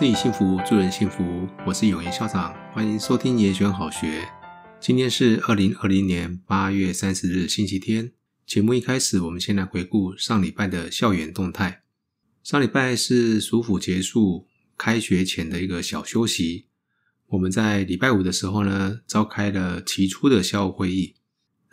自己幸福，助人幸福。我是勇延校長，歡迎收聽《延選好學》。今天是二零二零年八月三十日，星期天。節目一開始，我們先來回顧上禮拜的校園動態。上禮拜是暑輔結束、開學前的一個小休息。我們在禮拜五的時候呢，召開了期初的校務會議。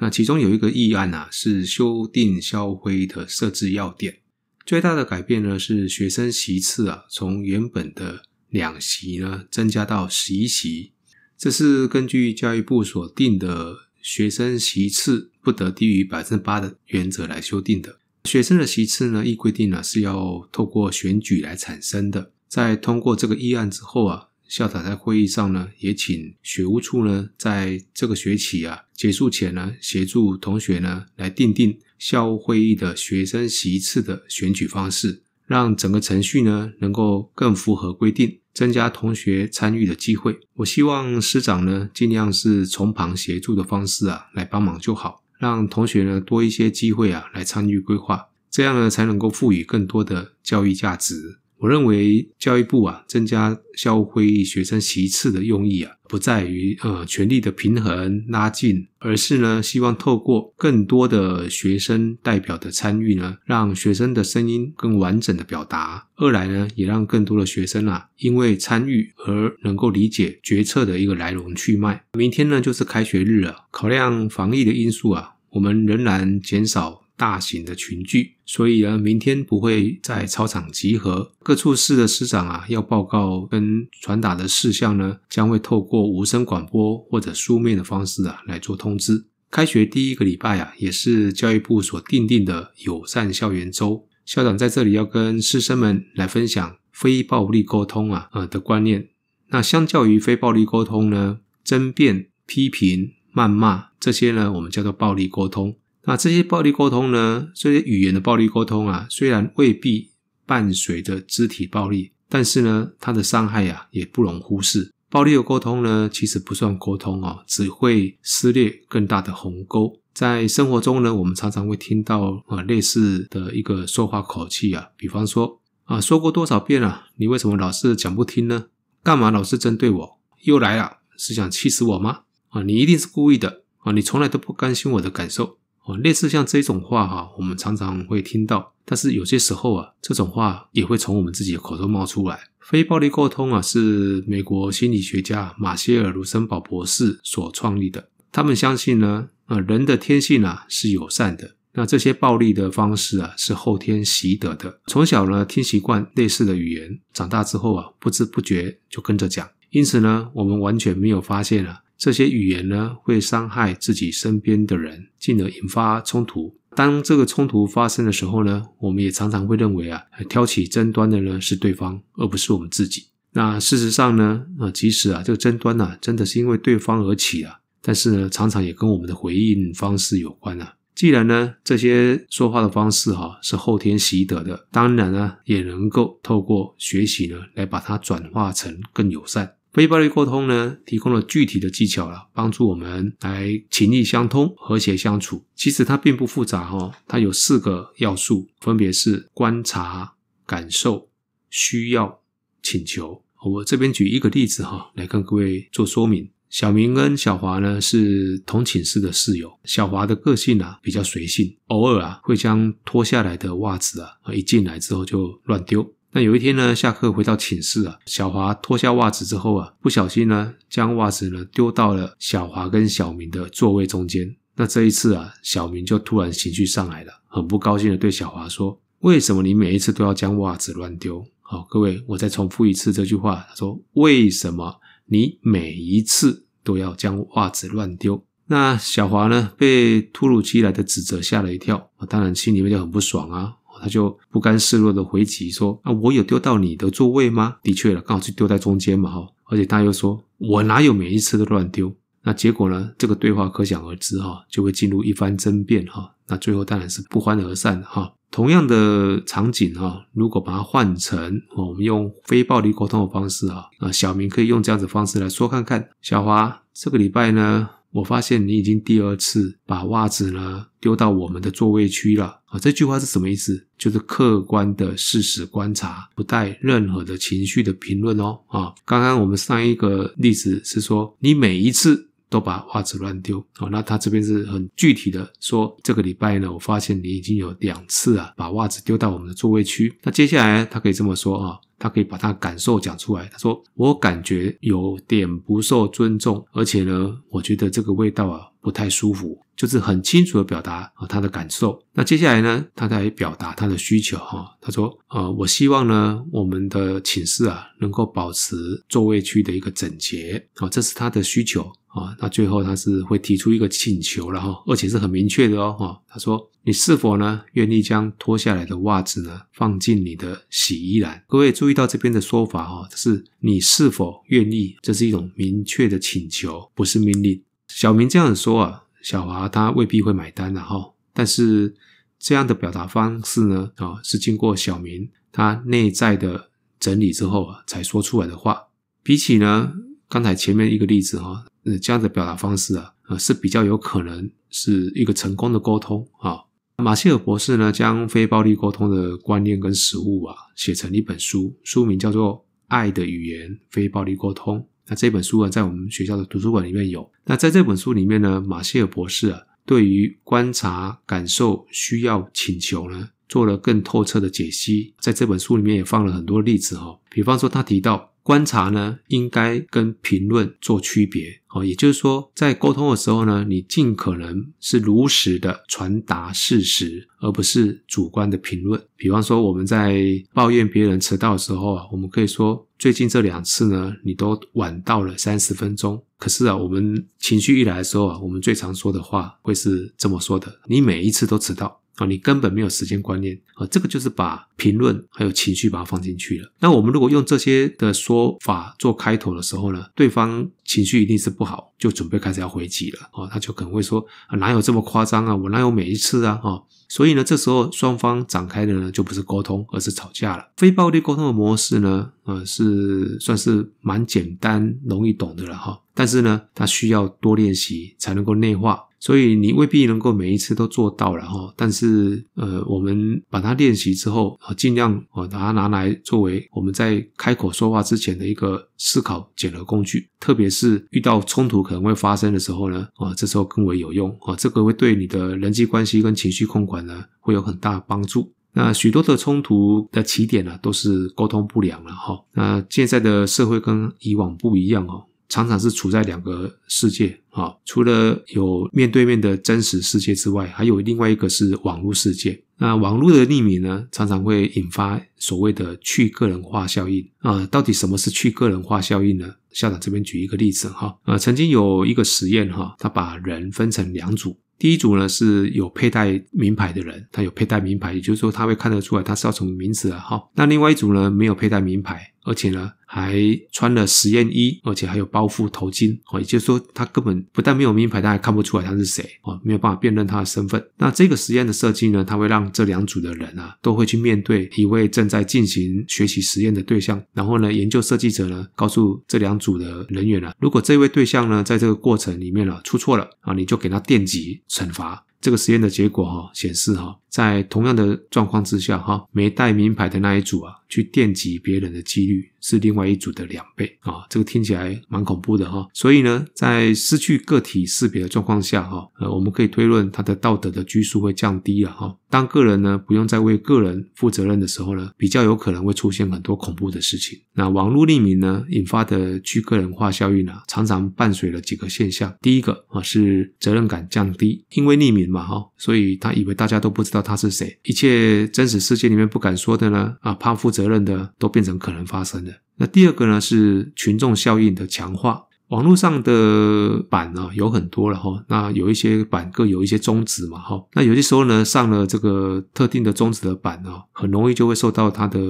那其中有一個議案啊，是修訂校務會議的設置要點。最大的改變呢，是學生席次啊，從原本的兩席呢，增加到十一席。這是根據教育部所定的學生席次不得低於百分之八的原則來修訂的。學生的席次呢，依規定呢、啊、是要透過選舉來產生的。在通過這個議案之後啊，校長在會議上呢，也請學務處呢，在這個學期啊結束前呢，協助同學呢來訂定校務會議的學生席次的選舉方式，讓整個程序呢能夠更符合規定，增加同學參與的機會。我希望師長呢，盡量是從旁協助的方式啊來幫忙就好，讓同學呢多一些機會啊來參與規劃，這樣呢才能夠賦予更多的教育價值。我認為教育部啊，增加校務會議學生席次的用意啊，不在於呃權力的平衡拉近，而是呢，希望透過更多的學生代表的參與呢，讓學生的聲音更完整的表達。二來呢，也讓更多的學生啊，因為參與而能夠理解決策的一個來龍去脈。明天呢，就是開學日了，啊，考量防疫的因素啊，我們仍然減少。大型的群聚，所以呢，明天不會在操場集合。各處室的師長啊，要報告跟傳達的事項呢，將會透過無聲廣播或者書面的方式啊來做通知。開學第一個禮拜啊，也是教育部所訂定的友善校園周。校長在這裡要跟師生們來分享非暴力溝通啊，呃的觀念。那相較於非暴力溝通呢，爭辯、批評、謾罵這些呢，我們叫做暴力溝通。那、啊、這些暴力溝通呢，這些語言的暴力溝通啊，雖然未必伴隨着肢體暴力，但是呢，它的傷害啊也不容忽視。暴力的溝通呢，其實不算溝通哦、啊，只會撕裂更大的鴻溝。在生活中呢，我們常常會聽到啊類似的一個說話口氣啊，比方說啊，說過多少遍了，啊，你為什麼老是講不聽呢？幹嘛老是針對我？又來了，是想氣死我嗎？啊，你一定是故意的啊，你從來都不關心我的感受。哦、類似像這種話哈、啊，我們常常會聽到，但是有些時候啊，這種話也會從我們自己的口中冒出來。非暴力溝通啊，是美國心理學家馬歇爾·盧森堡博士所創立的。他們相信呢，啊、呃，人的天性啊是友善的，那這些暴力的方式啊是後天習得的。從小呢聽習慣類似的語言，長大之後啊，不知不覺就跟着講，因此呢，我們完全沒有發現啊。這些語言呢，會傷害自己身邊的人，進而引發衝突。當這個衝突發生的時候呢，我們也常常會認為啊，挑起爭端的呢是對方，而不是我們自己。那事實上呢，即使啊，這個爭端呢、啊、真的是因為對方而起啊，但是呢，常常也跟我們的回應方式有關啊。既然呢，這些說話的方式哈、啊、是後天習得的，當然呢、啊、也能夠透過學習呢，來把它轉化成更友善。非暴力溝通呢，提供了具體的技巧了、啊，幫助我們來情意相通、和諧相處。其實它並不複雜哦，它有四個要素，分別是觀察、感受、需要、請求。我這邊舉一個例子哈、啊，來跟各位做說明。小明跟小華呢是同寢室的室友，小華的個性啊比較隨性，偶爾啊會將脫下來的襪子啊一進來之後就亂丟。那有一天呢，下課回到寢室啊，小華脫下襪子之後啊，不小心呢，將襪子呢丟到了小華跟小明的座位中間。那這一次啊，小明就突然情緒上來了，很不高興地對小華說：“為什麼你每一次都要將襪子亂丟？”好，各位，我再重複一次這句話，他說：“為什麼你每一次都要將襪子亂丟？”那小華呢，被突如其來的指責嚇了一跳，啊，當然心裡面就很不爽啊。他就不甘示弱地回擊說：“啊，我有丟到你的座位嗎？的確了，剛好是丟在中間嘛，哈！而且他又說，我哪有每一次都亂丟？那結果呢？這個對話可想而知，哈、哦，就會進入一番爭辯，哈、哦。那最後當然是不歡而散，哈、哦。同樣的場景，哈、哦，如果把它換成、哦、我們用非暴力溝通的方式，啊、哦，那小明可以用這樣子方式來說看看，小華這個禮拜呢？”我發現你已經第二次把襪子呢丟到我們的座位區了啊！這句話是什麼意思？就是客觀的事實觀察，不帶任何的情緒的評論哦啊！剛剛我們上一個例子是說你每一次，都把襪子亂丟。哦，那他這邊是很具體的說，這個禮拜呢，我發現你已經有兩次啊把襪子丟到我們的座位區。那接下來呢，他可以這麼說啊，他可以把他感受講出來。他說：“我感覺有點不受尊重，而且呢，我覺得這個味道啊不太舒服。”就是很清楚的表達啊他的感受。那接下來呢，他在表達他的需求哈，啊。他說：“呃，我希望呢，我們的寢室啊能夠保持座位區的一個整潔。”哦，這是他的需求。啊、哦，那最後他是會提出一個請求，然後、哦、而且是很明確的哦。哈，他說：“你是否呢願意將脫下來的襪子呢放進你的洗衣籃？”各位注意到這邊的說法哦，是你是否願意，這是一種明確的請求，不是命令。小明這樣說啊，小華他未必會買單啊。哈。但是這樣的表達方式呢，啊、哦，是經過小明他內在的整理之後啊才說出來的話，比起呢。剛才前面一個例子哈，呃，這樣的表達方式啊，呃，是比較有可能是一個成功的溝通啊。馬歇爾博士呢，將非暴力溝通的觀念跟實務啊，寫成一本書，書名叫做《愛的語言：非暴力溝通》。那這本書呢，在我們學校的圖書館裡面有。那在這本書裡面呢，馬歇爾博士啊，對於觀察、感受、需要、請求呢，做了更透徹的解析。在這本書裡面也放了很多例子哈，比方說他提到。觀察呢，應該跟評論做區別哦。也就是說，在溝通的時候呢，你盡可能是如實的傳達事實，而不是主觀的評論。比方說，我們在抱怨別人遲到的時候啊，我們可以說最近這兩次呢，你都晚到了三十分鐘。可是啊，我們情緒一來的時候啊，我們最常說的話會是這麼說的，你每一次都遲到。啊，你根本沒有時間觀念啊！這個就是把評論還有情緒把它放進去了。那我們如果用這些的說法做開頭的時候呢，對方情緒一定是不好，就準備開始要回擊了。啊，他就可能會說：“啊，哪有這麼誇張啊？我哪有每一次啊？”哈，所以呢，這時候雙方展開的呢，就不是溝通，而是吵架了。非暴力溝通的模式呢，呃，是算是蠻簡單、容易懂的了哈。但是呢，它需要多練習才能夠內化。所以你未必能夠每一次都做到了哈，但是呃，我們把它練習之後啊，盡量啊把它拿來作為我們在開口說話之前的一個思考檢核工具，特別是遇到衝突可能會發生的時候呢，啊，這時候更為有用啊，這個會對你的人際關係跟情緒控管呢會有很大幫助。那許多的衝突的起點呢，啊，都是溝通不良了哈，啊，那現在的社會跟以往不一樣哦。常常是處在兩個世界啊，除了有面對面的真實世界之外，還有另外一個是網絡世界。那網絡的匿名呢，常常會引發所謂的去個人化效應啊。到底什麼是去個人化效應呢？校長這邊舉一個例子哈，啊，曾經有一個實驗哈，他把人分成兩組，第一組呢是有佩戴名牌的人，他有佩戴名牌，也就是說他會看得出來他是要什麼名字了啊哈。那另外一組呢，沒有佩戴名牌。而且呢，還穿了實驗衣，而且還有包覆頭巾，哦，也就是說，他根本不但沒有名牌，他還看不出來他是誰，哦，沒有辦法辨認他的身份。那這個實驗的設計呢，他會讓這兩組的人啊，都會去面對一位正在進行學習實驗的對象，然後呢，研究設計者呢，告訴這兩組的人員啊，如果這位對象呢，在這個過程裡面啊，出錯了，啊，你就給他電擊懲罰。這個實驗的結果哈，顯示哈。在同樣的狀況之下，哈，沒帶名牌的那一組啊，去電擊別人的幾率是另外一組的兩倍啊，這個聽起來蠻恐怖的哈、啊。所以呢，在失去個體識別的狀況下，哈，呃，我們可以推論他的道德的拘束會降低了哈、啊。當個人呢，不用再為個人負責任的時候呢，比較有可能會出現很多恐怖的事情。那網絡匿名呢，引發的去個人化效應呢、啊，常常伴隨了幾個現象。第一個啊，是責任感降低，因為匿名嘛，哦、啊，所以他以為大家都不知道。他是誰？一切真實世界裡面不敢說的呢？啊，怕負責任的都變成可能發生的。那第二個呢是群眾效應的強化，網絡上的版呢、哦、有很多了哈、哦。那有一些版各有一些宗旨嘛哈。那有些時候呢上了這個特定的宗旨的版呢、哦，很容易就會受到它的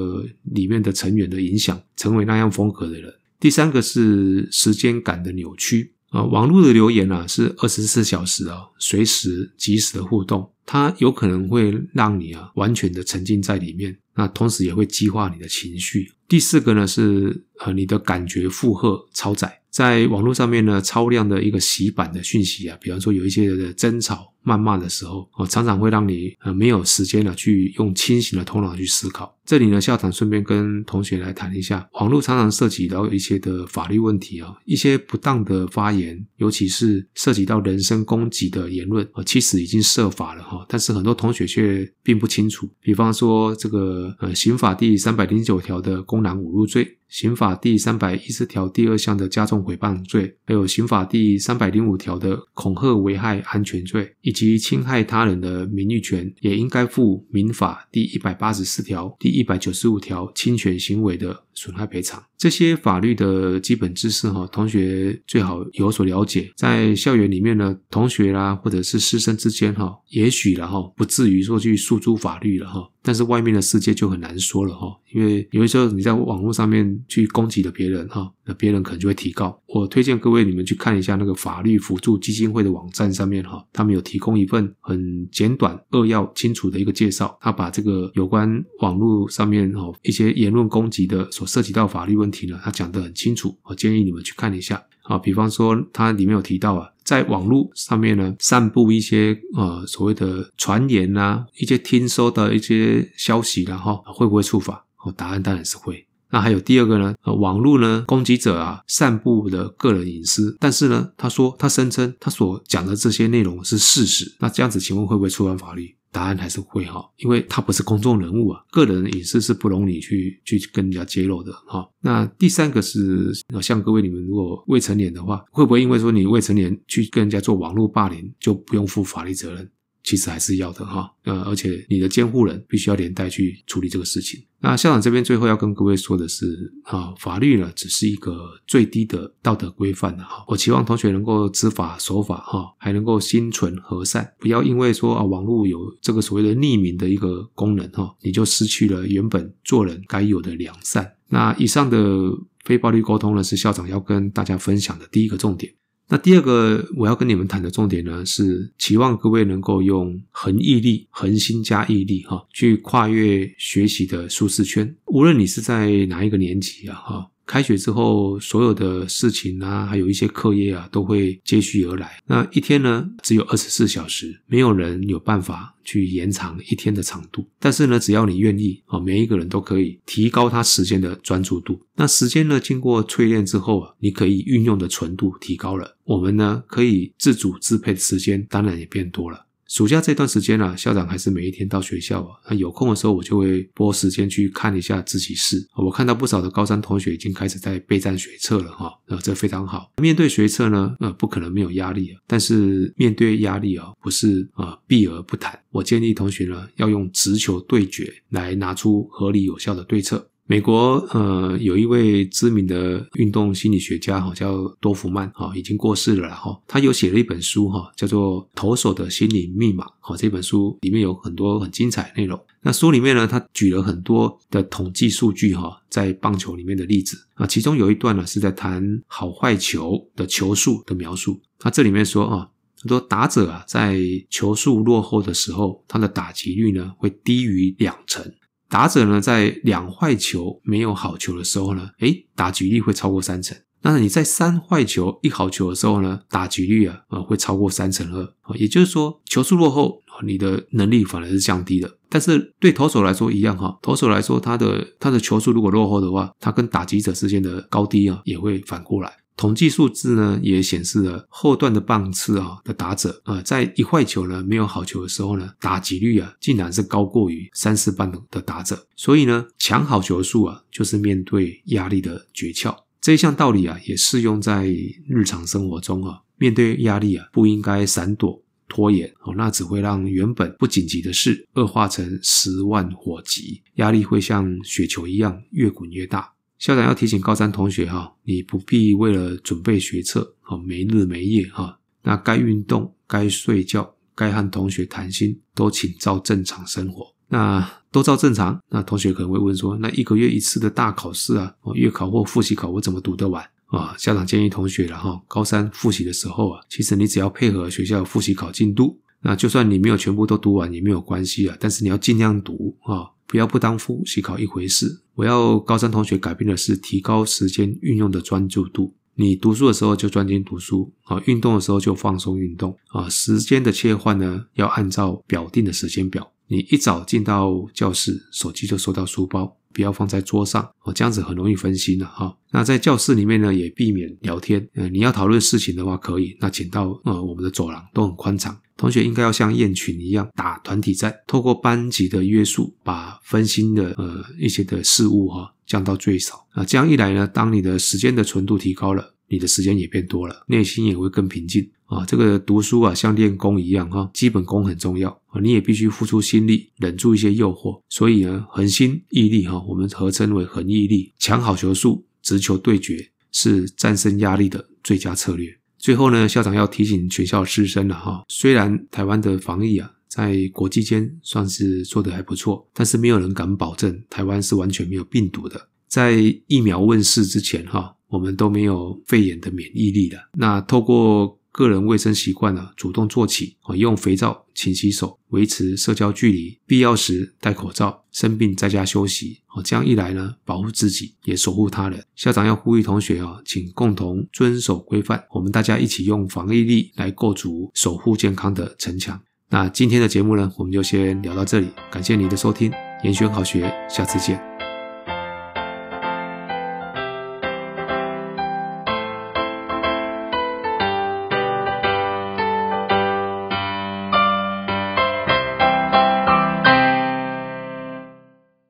裡面的成員的影響，成為那樣風格的人。第三個是時間感的扭曲啊，網絡的留言啊，是二十四小時啊、哦，隨時即時的互動。它有可能會讓你啊完全的沉浸在裡面，那同時也會激化你的情緒。第四個呢是，呃，你的感覺負荷超載，在網絡上面呢超量的一個洗版的訊息啊，比方說有一些人的爭吵。謾罵的時候，哦，常常會讓你呃沒有時間了去用清醒的頭腦去思考。這裡呢，校長順便跟同學來談一下，網絡常常涉及到一些的法律問題啊，一些不當的發言，尤其是涉及到人身攻擊的言論啊、呃，其實已經涉法了哈。但是很多同學卻並不清楚。比方說這個呃，刑法第三百零九條的公然侮辱罪，刑法第三百一十條第二項的加重誹謗罪，還有刑法第三百零五條的恐嚇危害安全罪，以及侵害他人的名譽權，也應該負《民法》第一百八十四條、第一百九十五條侵權行為的損害賠償這些法律的基本知識，哈，同學最好有所了解。在校園裡面呢，同學啦，或者是師生之間，哈，也許然後不至於說去訴諸法律了，哈。但是外面的世界就很難說了，哈。因為有的時候你在網絡上面去攻擊了別人，哈，那別人可能就會提告。我推薦各位你們去看一下那個法律扶助基金會的網站上面，哈，他們有提供一份很簡短、扼要、清楚的一個介紹。他把這個有關網絡上面哦一些言論攻擊的所涉及到法律問題呢，他講得很清楚，我建議你們去看一下啊、哦。比方說，他裡面有提到啊，在網絡上面呢，散布一些呃所謂的傳言啊，一些聽說的一些消息、啊，然、哦、後會不會觸法？哦，答案當然是會。那還有第二個呢，呃、網絡呢攻擊者啊，散布的個人隱私，但是呢，他說他聲稱他所講的這些內容是事實，那這樣子請問會不會觸犯法律？答案還是會哈，因為他不是公眾人物啊，個人隱私是不容你去去跟人家揭露的哈。那第三個是，那像各位你們如果未成年的話，會不會因為說你未成年去跟人家做網絡霸凌，就不用負法律責任？其實還是要的哈，呃，而且你的監護人必須要連帶去處理這個事情。那校長這邊最後要跟各位說的是啊，法律呢只是一個最低的道德規範的哈。我期望同學能夠知法守法哈，還能夠心存和善，不要因為說啊網絡有這個所謂的匿名的一個功能哈，你就失去了原本做人該有的良善。那以上的非暴力溝通呢，是校長要跟大家分享的第一個重點。那第二個我要跟你們談的重點呢，是期望各位能夠用恆毅力、恆心加毅力，哈，去跨越學習的舒適圈。無論你是在哪一個年級啊，開學之後，所有的事情啊，還有一些課業啊，都會接踵而來。那一天呢，只有二十四小時，沒有人有辦法去延長一天的長度。但是呢，只要你願意啊，每一個人都可以提高他時間的專注度。那時間呢，經過淬煉之後啊，你可以運用的純度提高了。我們呢，可以自主支配的時間，當然也變多了。暑假這段時間呢、啊，校長還是每一天到學校啊。那有空的時候，我就會撥時間去看一下自習室。我看到不少的高三同學已經開始在備戰學測了哈、哦，那、呃、這非常好。面對學測呢、呃，不可能沒有壓力、啊、但是面對壓力啊，不是啊、呃、避而不談。我建議同學呢，要用直球對決來拿出合理有效的對策。美國呃，有一位知名的運動心理學家哈，叫多弗曼哈、哦，已經過世了哈、哦。他有寫了一本書哈、哦，叫做《投手的心理密碼》哈、哦。這本書裡面有很多很精彩的內容。那書裡面呢，他舉了很多的統計數據哈、哦，在棒球裡面的例子啊。其中有一段呢，是在談好壞球的球數的描述。那這裡面說啊，很、哦、多打者啊，在球數落後的時候，他的打擊率呢，會低於兩成。打者呢，在兩壞球沒有好球的時候呢，誒，打擊率會超過三成。那你在三壞球一好球的時候呢，打擊率啊，啊，會超過三成二。也就是說，球數落後，你的能力反而是降低的。但是對投手來說一樣哈，投手來說他的他的球數如果落後的話，他跟打擊者之間的高低啊，也會反過來。統計數字呢也顯示了後段的棒次啊、哦、的打者，呃，在一壞球呢沒有好球的時候呢，打擊率啊竟然是高過於三四棒的打者，所以呢，搶好球數啊就是面對壓力的訣竅。這一項道理啊也適用在日常生活中啊，面對壓力啊不應該閃躲拖延哦，那只會讓原本不緊急的事惡化成十萬火急，壓力會像雪球一樣越滾越大。校長要提醒高三同學哈，你不必為了準備學測啊沒日沒夜哈，那該運動、該睡覺、該和同學談心，都請照正常生活。那都照正常，那同學可能會問說，那一個月一次的大考試啊，月考或複習考，我怎麼讀得完啊？校長建議同學了哈，高三複習的時候啊，其實你只要配合學校複習考進度，那就算你沒有全部都讀完也沒有關係啊，但是你要儘量讀啊。不要不當複習考一回事。我要高三同學改變的是提高時間運用的專注度。你讀書的時候就專心讀書啊、呃，運動的時候就放鬆運動啊、呃。時間的切換呢，要按照表定的時間表。你一早進到教室，手機就收到書包。不要放在桌上哦，這樣子很容易分心了、啊、哈。那在教室裡面呢，也避免聊天。嗯、呃，你要討論事情的話，可以，那請到呃我們的走廊，都很寬敞。同學應該要像雁群一樣打團體戰，透過班級的約束，把分心的呃一些的事物哈、呃、降到最少。那、呃、這樣一來呢，當你的時間的純度提高了，你的時間也變多了，內心也會更平靜。啊，這個讀書啊，像練功一樣哈，基本功很重要啊，你也必須付出心力，忍住一些誘惑，所以呢，恆心毅力哈、啊，我們合稱為恆毅力。搶好球數，直球對決是戰勝壓力的最佳策略。最後呢，校長要提醒全校師生了哈、啊，雖然台灣的防疫啊，在國際間算是做得還不錯，但是沒有人敢保證台灣是完全沒有病毒的。在疫苗問世之前哈、啊，我們都沒有肺炎的免疫力了。那透過個人衛生習慣呢，主動做起、哦、用肥皂勤洗手，維持社交距離，必要時戴口罩，生病在家休息、哦、這樣一來呢，保護自己也守護他人。校長要呼籲同學啊、哦，請共同遵守規範，我們大家一起用防疫力來構築守護健康的城牆。那今天的節目呢，我們就先聊到這裡，感謝您的收聽，延選好學，下次見。